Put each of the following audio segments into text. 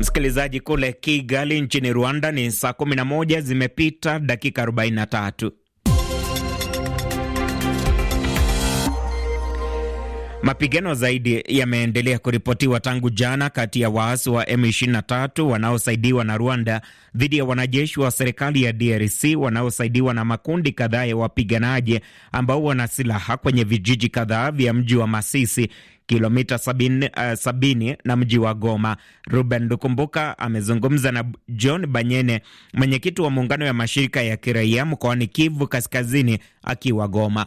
Msikilizaji, kule Kigali nchini Rwanda ni saa 11 zimepita dakika 43. Mapigano zaidi yameendelea kuripotiwa tangu jana kati ya waasi wa M23 wanaosaidiwa na Rwanda dhidi ya wanajeshi wa serikali ya DRC wanaosaidiwa na makundi kadhaa ya wapiganaji ambao wana silaha kwenye vijiji kadhaa vya mji wa Masisi, kilomita sabini, uh, sabini na mji wa Goma. Ruben dukumbuka amezungumza na John Banyene, mwenyekiti wa muungano ya mashirika ya kiraia mkoani Kivu Kaskazini, akiwa Goma.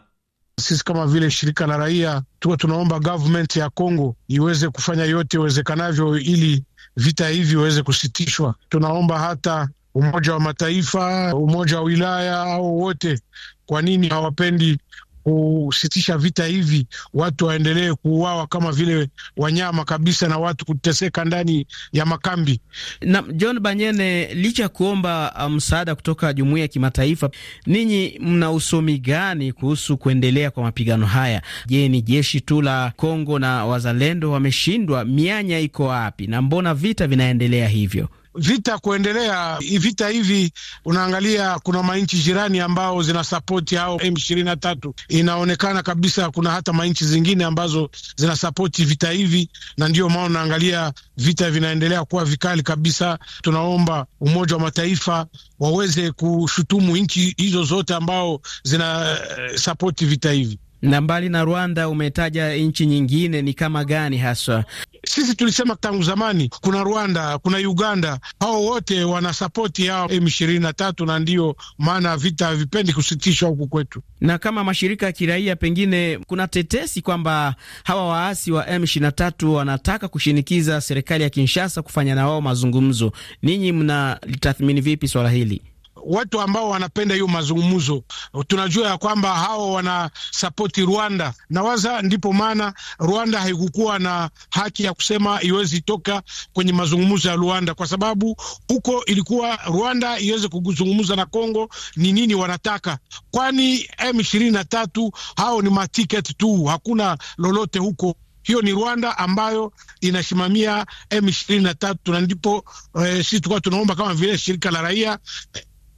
Sisi kama vile shirika la raia tuko tunaomba government ya congo iweze kufanya yote iwezekanavyo ili vita hivi iweze kusitishwa. Tunaomba hata Umoja wa Mataifa, Umoja wa Wilaya au wote, kwa nini hawapendi kusitisha vita hivi, watu waendelee kuuawa kama vile wanyama kabisa, na watu kuteseka ndani ya makambi. Na John Banyene, licha ya kuomba um, msaada kutoka jumuiya ya kimataifa, ninyi mna usomi gani kuhusu kuendelea kwa mapigano haya? Je, ni jeshi tu la Kongo na wazalendo wameshindwa? Mianya iko wapi na mbona vita vinaendelea hivyo? vita kuendelea vita hivi, unaangalia kuna manchi jirani ambao zinasapoti hao M ishirini na tatu. Inaonekana kabisa kuna hata manchi zingine ambazo zinasapoti vita hivi, na ndio maana unaangalia vita vinaendelea kuwa vikali kabisa. Tunaomba Umoja wa Mataifa waweze kushutumu nchi hizo zote ambao zinasapoti eh, vita hivi. Na mbali na Rwanda, umetaja nchi nyingine, ni kama gani haswa? Sisi tulisema tangu zamani kuna Rwanda, kuna Uganda, hao wote wanasapoti yao M ishirini na tatu, na ndiyo maana vita havipendi kusitishwa huku kwetu. Na kama mashirika ya kiraia, pengine kuna tetesi kwamba hawa waasi wa M ishirini na tatu wanataka kushinikiza serikali ya Kinshasa kufanya na wao mazungumzo. Ninyi mnalitathmini vipi swala hili? watu ambao wanapenda hiyo mazungumzo, tunajua ya kwamba hao wanasapoti Rwanda na waza, ndipo maana Rwanda haikukuwa na haki ya kusema iwezi toka kwenye mazungumzo ya Rwanda, kwa sababu huko ilikuwa Rwanda iweze kuzungumza na Kongo ni nini wanataka, kwani M23 hao ni matiketi tu, hakuna lolote huko hiyo ni Rwanda ambayo inasimamia M23 na ndipo eh, sisi tukawa tunaomba kama vile shirika la raia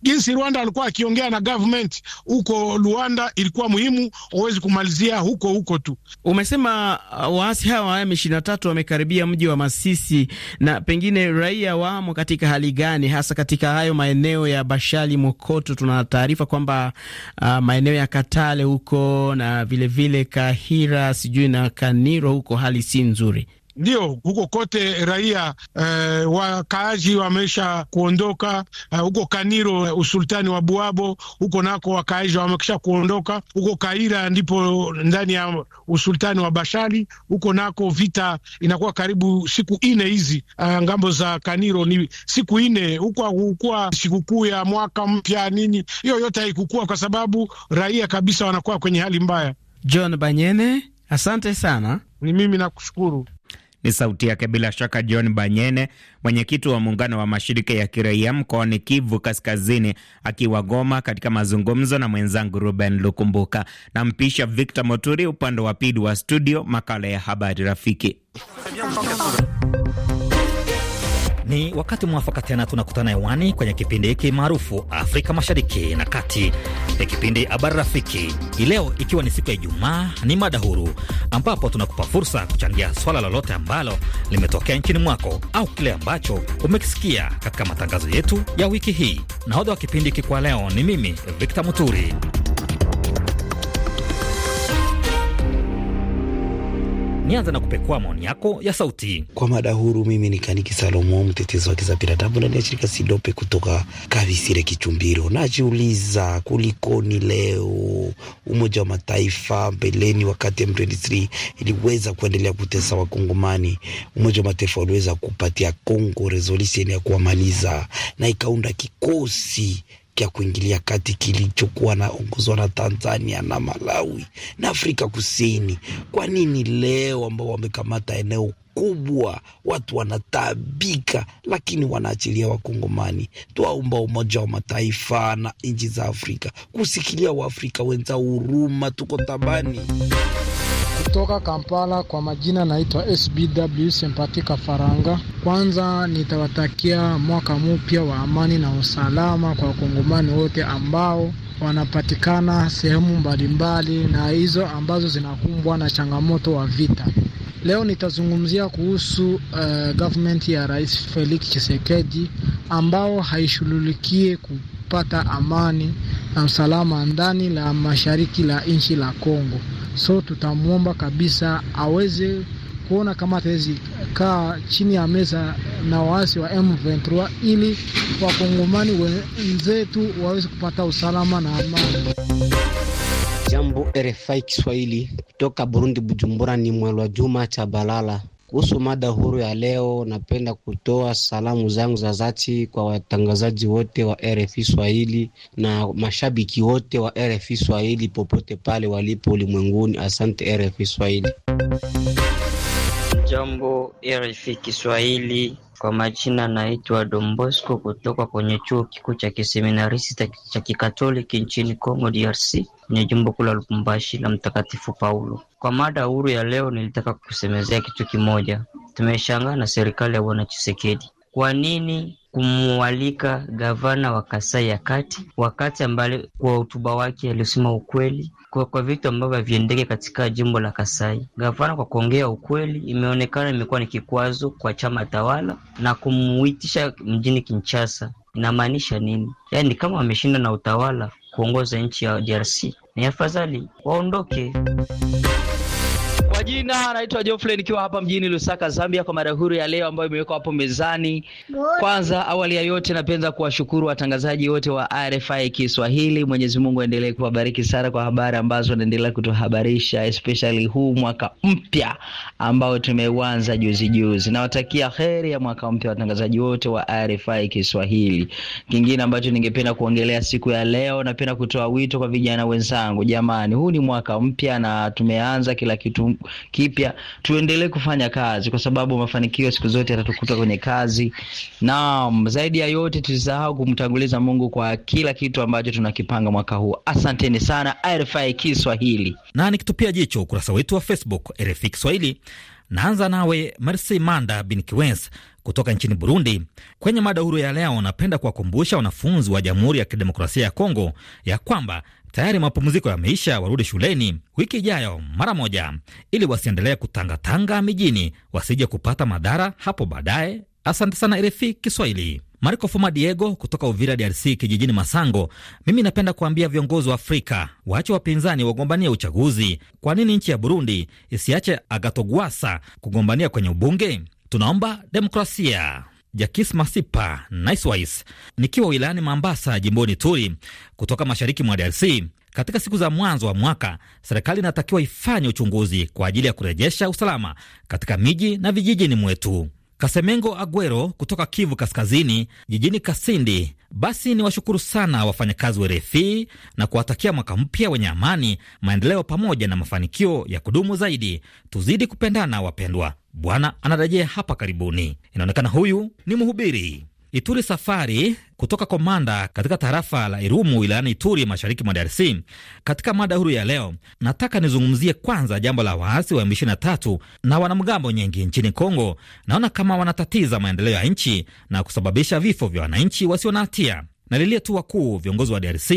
jinsi Rwanda alikuwa akiongea na government huko Luanda ilikuwa muhimu, wawezi kumalizia huko huko tu. Umesema uh, waasi hawa wa M23 wamekaribia mji wa Masisi, na pengine raia wamo katika hali gani, hasa katika hayo maeneo ya Bashali, Mokoto? Tuna taarifa kwamba uh, maeneo ya Katale huko na vilevile vile Kahira sijui na Kaniro huko hali si nzuri. Ndio, huko kote raia eh, wakaaji wameisha kuondoka eh, huko Kaniro eh, usultani wa Buabo huko nako wakaaji wamekisha kuondoka. Huko Kaira ndipo ndani ya usultani wa Bashali huko nako vita inakuwa karibu siku ine hizi eh, ngambo za Kaniro ni siku ine. Huko hakukuwa sikukuu ya mwaka mpya nini, hiyo yote haikukua kwa sababu raia kabisa wanakuwa kwenye hali mbaya. John Banyene, asante sana. Ni mimi nakushukuru. Ni sauti yake bila shaka John Banyene, mwenyekiti wa muungano wa mashirika ya kiraia mkoani Kivu Kaskazini, akiwa Goma katika mazungumzo na mwenzangu Ruben Lukumbuka. Nampisha Victor Moturi upande wa pili wa studio, makala ya habari rafiki ni wakati mwafaka tena tunakutana hewani kwenye kipindi hiki maarufu Afrika Mashariki na Kati, ya kipindi Habari Rafiki hii leo, ikiwa ni siku ya Ijumaa, ni mada huru ambapo tunakupa fursa kuchangia swala lolote ambalo limetokea nchini mwako au kile ambacho umekisikia katika matangazo yetu ya wiki hii. Nahodha wa kipindi hiki kwa leo ni mimi Victor Muturi. nianza na kupekua maoni yako ya sauti. Kwa mada huru, mimi ni Kaniki Salomo, mtetezi wa haki za binadamu ndani ya shirika Sidope kutoka Kavisire, Kichumbiro. Najiuliza kulikoni leo Umoja wa Mataifa mbeleni, wakati M23 iliweza kuendelea kutesa Wakongomani, Umoja wa Mataifa uliweza kupatia Kongo resolution ya kuwamaliza na ikaunda kikosi ya kuingilia kati kilichokuwa naongozwa na Tanzania na Malawi na Afrika Kusini. Kwa nini leo ambao wamekamata eneo kubwa watu wanataabika, lakini wanaachilia Wakongomani? Twaomba Umoja wa Mataifa na nchi za Afrika kusikilia Waafrika wenzao huruma, tuko tabani kutoka Kampala. Kwa majina naitwa SBW Sempatika Faranga. Kwanza nitawatakia mwaka mpya wa amani na usalama kwa wakongomani wote ambao wanapatikana sehemu mbalimbali na hizo ambazo zinakumbwa na changamoto wa vita. Leo nitazungumzia kuhusu uh, government ya Rais Felix Tshisekedi ambao haishughulikie kupata amani na usalama ndani la mashariki la nchi la Kongo. So tutamwomba kabisa aweze kuona kama atawezi kaa chini ya meza na waasi wa M23 ili wakongomani wenzetu waweze kupata usalama na amani. Jambo RFI Kiswahili kutoka Burundi, Bujumbura, ni Mwelwa Juma cha Balala. Kuhusu mada huru ya leo, napenda kutoa salamu zangu za dhati kwa watangazaji wote wa RFI Swahili na mashabiki wote wa RFI Swahili popote pale walipo ulimwenguni. Asante RFI Swahili. Jambo RFI Kiswahili, kwa majina naitwa Dombosco kutoka kwenye chuo kikuu cha kiseminaristi cha kikatoliki nchini Congo DRC kwenye jimbo kuu la Lubumbashi la Mtakatifu Paulo. Kwa mada huru ya leo, nilitaka kusemezea kitu kimoja. Tumeshangaa na serikali ya Bwana Chisekedi kwa nini kumualika gavana wa Kasai ya kati wakati ambale kwa hotuba wake alisema ukweli kwa, kwa vitu ambavyo haviendeke katika jimbo la Kasai. Gavana kwa kuongea ukweli imeonekana imekuwa ni kikwazo kwa chama tawala na kumuitisha mjini Kinshasa. Inamaanisha nini? Yaani, kama wameshinda na utawala kuongoza nchi ya DRC ni afadhali waondoke. Kwa jina naitwa Geoffrey nikiwa hapa mjini Lusaka, Zambia, kwa mada huru ya leo ambayo imewekwa hapo mezani. Kwanza, awali ya yote, napenda kuwashukuru watangazaji wote wa RFI Kiswahili. Mwenyezi Mungu aendelee kuwabariki sana kwa habari ambazo anaendelea kutuhabarisha, especially huu mwaka mpya ambao tumeuanza juzi juzi. Nawatakia heri ya mwaka mpya watangazaji wote wa RFI Kiswahili. Kingine ambacho ningependa kuongelea siku ya leo, napenda kutoa wito kwa vijana wenzangu, jamani, huu ni mwaka mpya na tumeanza kila kitu kipya, tuendelee kufanya kazi, kwa sababu mafanikio siku zote yatatukuta kwenye kazi. Na zaidi ya yote, tusisahau kumtanguliza Mungu kwa kila kitu ambacho tunakipanga mwaka huu. Asanteni sana RFI Kiswahili, na nikitupia jicho ukurasa wetu wa Facebook RFI Kiswahili. Naanza nawe Merci Manda bin Kiwens kutoka nchini Burundi. Kwenye mada huru ya leo, napenda kuwakumbusha wanafunzi wa Jamhuri ya Kidemokrasia ya Kongo ya kwamba Tayari mapumziko yameisha, warudi shuleni wiki ijayo mara moja, ili wasiendelee kutangatanga mijini, wasije kupata madhara hapo baadaye. Asante sana RFI Kiswahili. Marco Foma Diego kutoka Uvira, DRC, kijijini Masango. Mimi napenda kuambia viongozi wa Afrika waache wapinzani wagombania uchaguzi. Kwa nini nchi ya Burundi isiache Agatogwasa kugombania kwenye ubunge? Tunaomba demokrasia. Jakis Masipa nice wise. Nikiwa wilayani Mambasa jimboni Turi kutoka mashariki mwa DRC. Katika siku za mwanzo wa mwaka, serikali inatakiwa ifanye uchunguzi kwa ajili ya kurejesha usalama katika miji na vijijini mwetu. Kasemengo Aguero kutoka Kivu Kaskazini, jijini Kasindi. Basi ni washukuru sana wafanyakazi wa RFI na kuwatakia mwaka mpya wenye amani, maendeleo pamoja na mafanikio ya kudumu zaidi. Tuzidi kupendana wapendwa. Bwana anarejea hapa karibuni. Inaonekana huyu ni mhubiri Ituri Safari kutoka Komanda katika tarafa la Irumu wilayani Ituri mashariki mwa DRC. Katika mada huru ya leo, nataka nizungumzie kwanza jambo la waasi wa M23 na wanamgambo nyingi nchini Kongo. Naona kama wanatatiza maendeleo ya nchi na kusababisha vifo vya wananchi wasio na hatia nalilia tu wakuu viongozi wa DRC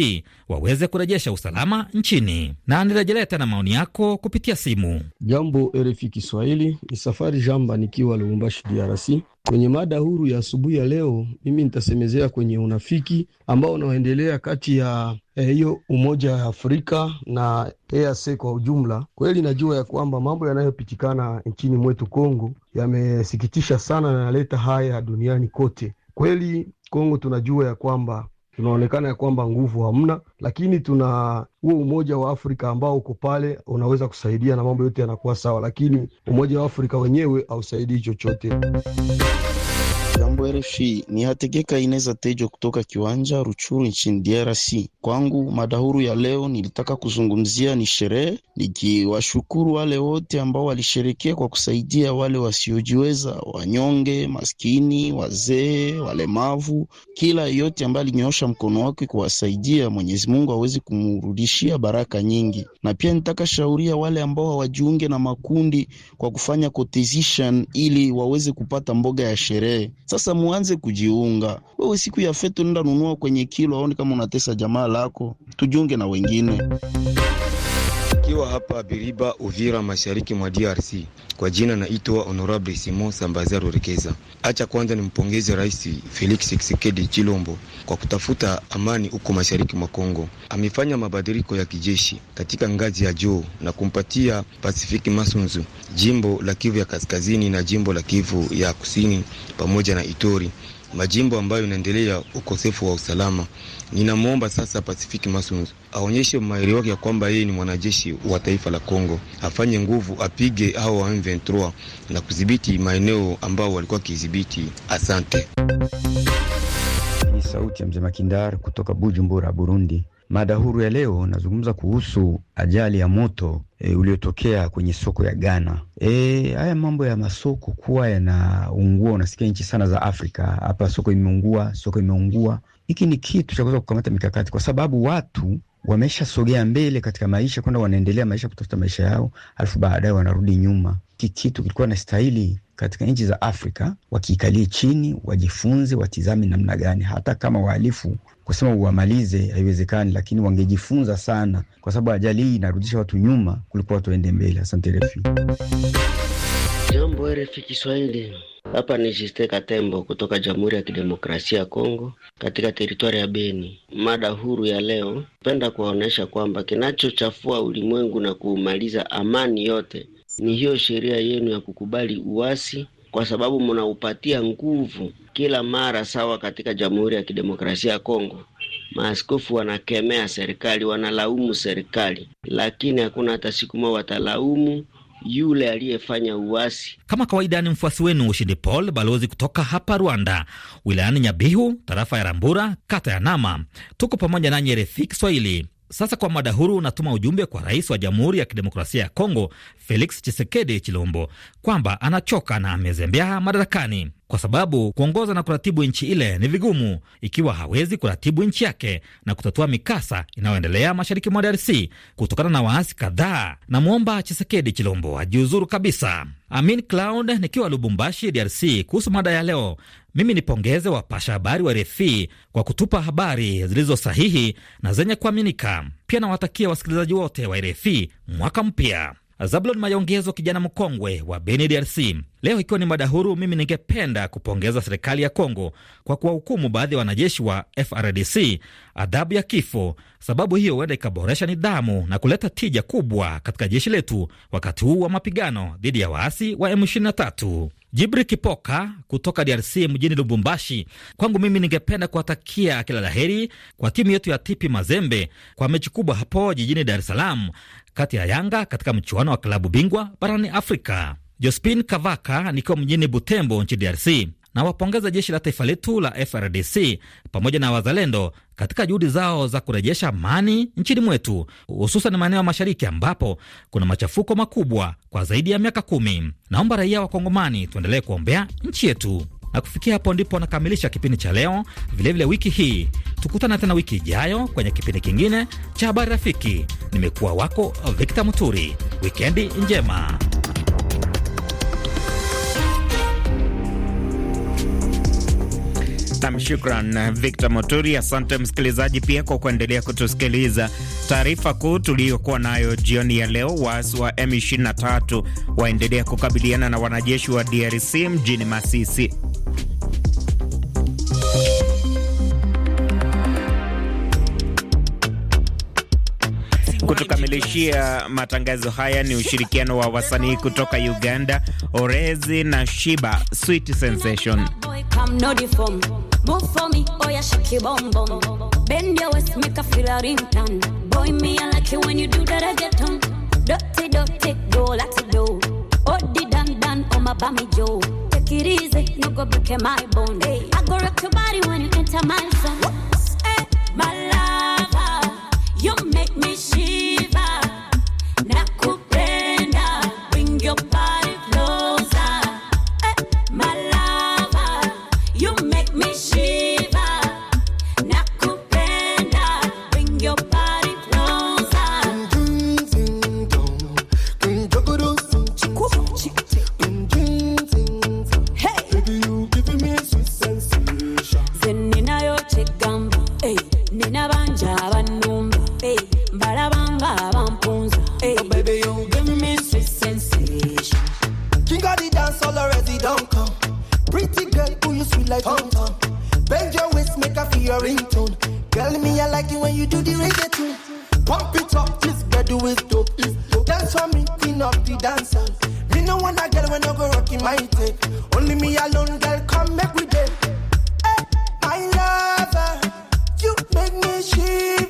waweze kurejesha usalama nchini. Na nirejelea tena maoni yako kupitia simu. Jambo RFI Kiswahili, ni safari jamba nikiwa Lubumbashi, DRC. Kwenye mada huru ya asubuhi ya leo, mimi nitasemezea kwenye unafiki ambao unaoendelea kati ya eh, hiyo eh, Umoja wa Afrika na EAC kwa ujumla. Kweli najua ya kwamba mambo yanayopitikana nchini mwetu Kongo yamesikitisha sana na yanaleta haya duniani kote. Kweli Kongo tunajua ya kwamba tunaonekana ya kwamba nguvu hamna, lakini tuna huo umoja wa Afrika ambao uko pale unaweza kusaidia na mambo yote yanakuwa sawa, lakini umoja wa Afrika wenyewe hausaidii chochote. Jambo RFI ni Hategeka Ineza Tejo kutoka kiwanja Ruchuru nchini DRC. Kwangu madahuru ya leo nilitaka kuzungumzia ni sherehe, nikiwashukuru wale wote ambao walisherekea kwa kusaidia wale wasiojiweza, wanyonge, maskini, wazee, walemavu, kila yote ambaye alinyoosha mkono wake kuwasaidia. Mwenyezi Mungu awezi kumrudishia baraka nyingi, na pia nitaka shauria wale ambao hawajiunge na makundi kwa kufanya cotization ili waweze kupata mboga ya sherehe. Sasa muanze kujiunga. Wewe siku ya feto nenda nunua kwenye kilo, aone kama unatesa jamaa lako. Tujiunge na wengine. Nikiwa hapa Biriba, Uvira, mashariki mwa DRC. Kwa jina naitwa Honorable Simon Sambaza Rurekeza. Acha kwanza nimpongeze Rais Felix Tshisekedi Chilombo kwa kutafuta amani huko mashariki mwa Kongo. Amefanya mabadiliko ya kijeshi katika ngazi ya juu na kumpatia Pasifiki Masunzu jimbo la Kivu ya kaskazini na jimbo la Kivu ya kusini pamoja na Ituri majimbo ambayo inaendelea ukosefu wa usalama. Ninamwomba sasa Pacific Masunzu aonyeshe mahiri wake ya kwamba yeye ni mwanajeshi wa taifa la Kongo, afanye nguvu, apige hao wa M23 na kudhibiti maeneo ambao walikuwa wakidhibiti. Asante. Ni sauti ya mzee Makindar kutoka Bujumbura, Burundi. Mada huru ya leo nazungumza kuhusu ajali ya moto e, uliotokea kwenye soko ya Ghana. E, haya mambo ya masoko kuwa yanaungua, unasikia nchi sana za Afrika hapa, soko imeungua, soko imeungua. Hiki ni kitu cha kuweza kukamata mikakati, kwa sababu watu wameshasogea mbele katika maisha, kwenda wanaendelea maisha kutafuta maisha yao, alafu baadaye wanarudi nyuma hiki kitu kilikuwa na stahili katika nchi za Afrika, wakiikalie chini, wajifunze, watizame namna gani, hata kama wahalifu kusema uwamalize haiwezekani, lakini wangejifunza sana, kwa sababu ajali hii inarudisha watu nyuma kuliko watu waende mbele. Asante refi. Jambo RFI Kiswahili, hapa ni Jiste Katembo kutoka Jamhuri ya Kidemokrasia ya Kongo, katika teritwari ya Beni. Mada huru ya leo, penda kuwaonyesha kwamba kinachochafua ulimwengu na kumaliza amani yote ni hiyo sheria yenu ya kukubali uasi, kwa sababu mnaupatia nguvu kila mara. Sawa, katika Jamhuri ya Kidemokrasia ya Kongo maaskofu wanakemea serikali, wanalaumu serikali, lakini hakuna hata siku moja watalaumu yule aliyefanya uasi. Kama kawaida, ni mfuasi wenu Ushindi Paul, balozi kutoka hapa Rwanda, wilayani Nyabihu, tarafa ya Rambura, kata ya Nama. Tuko pamoja na nyerethi Kiswahili. Sasa kwa mada huru, unatuma ujumbe kwa rais wa Jamhuri ya Kidemokrasia ya Kongo Felix Tshisekedi Chilombo kwamba anachoka na amezembea madarakani kwa sababu kuongoza na kuratibu nchi ile ni vigumu, ikiwa hawezi kuratibu nchi yake na kutatua mikasa inayoendelea mashariki mwa DRC kutokana na waasi kadhaa. Namwomba Chisekedi Chilombo ajiuzuru kabisa. Amin Cloud nikiwa Lubumbashi, DRC, kuhusu mada ya leo, mimi nipongeze wapasha habari wa RFI kwa kutupa habari zilizo sahihi na zenye kuaminika. Pia nawatakia wasikilizaji wote wa RFI mwaka mpya. Zablon Mayongezo, kijana mkongwe wa Beni, DRC. Leo ikiwa ni mada huru, mimi ningependa kupongeza serikali ya Kongo kwa kuwahukumu baadhi ya wanajeshi wa FRDC adhabu ya kifo. Sababu hiyo huenda ikaboresha nidhamu na kuleta tija kubwa katika jeshi letu wakati huu wa mapigano dhidi ya waasi wa M23. Jibri Kipoka kutoka DRC mjini Lubumbashi. Kwangu mimi ningependa kuwatakia kila laheri kwa timu yetu ya Tipi Mazembe kwa mechi kubwa hapo jijini Dar es Salaam kati ya Yanga katika mchuano wa klabu bingwa barani Afrika. Jospin Kavaka nikiwa mjini Butembo nchi DRC na wapongeza jeshi la taifa letu la FRDC pamoja na wazalendo katika juhudi zao za kurejesha amani nchini mwetu, hususan maeneo ya mashariki ambapo kuna machafuko makubwa kwa zaidi ya miaka kumi. Naomba raia wa Kongomani tuendelee kuombea nchi yetu. Na kufikia hapo ndipo nakamilisha kipindi cha leo, vilevile vile wiki hii. Tukutana tena wiki ijayo kwenye kipindi kingine cha habari rafiki. Nimekuwa wako Victor Muturi, wikendi njema. Nam, shukran eh, Victor Moturi. Asante msikilizaji pia kwa kuendelea kutusikiliza. Taarifa kuu tuliyokuwa nayo jioni ya leo, waasi wa M23 waendelea kukabiliana na wanajeshi wa DRC mjini Masisi. Kutukamilishia matangazo haya ni ushirikiano wa wasanii kutoka Uganda, Orezi na Shiba Sweet Sensation. Move for me, oh yeah, shake your bum bum. Bend your waist, make a feel a ring tan. Boy, me I like it when you do that I get on. Dirty, dirty, go like to go. Oh, di dan dan, oh my bummy Joe. Take it easy, no go break my bone. Hey. I go rock your body when you enter my zone. be dancer. Me no want a girl when I go rock my tape. Only me alone, girl, come make we date. Hey, my lover, you make me shit.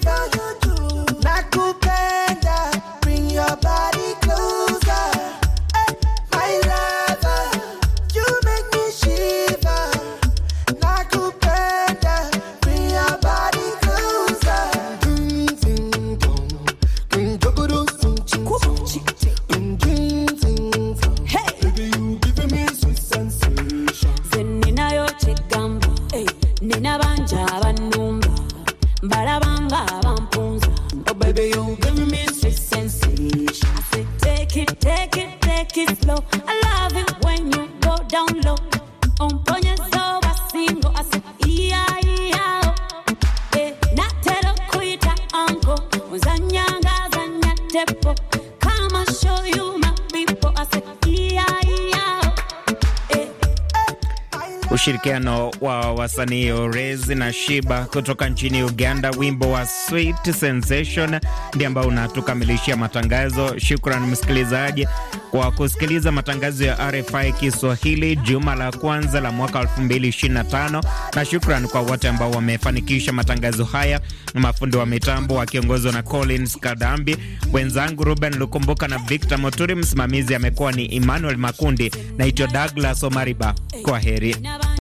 Ushirikiano wa wasanii Orez na Shiba kutoka nchini Uganda, wimbo wa Sweet Sensation ndio ambao unatukamilishia matangazo. Shukran msikilizaji, kwa kusikiliza matangazo ya RFI Kiswahili juma la kwanza la mwaka 2025, na shukran kwa wote ambao wamefanikisha matangazo haya, mafundi wa mitambo wakiongozwa na Collins Kadambi, wenzangu Ruben Lukumbuka na Victor Moturi, msimamizi amekuwa ni Emmanuel Makundi. Naitwa Douglas Omariba, kwa heri.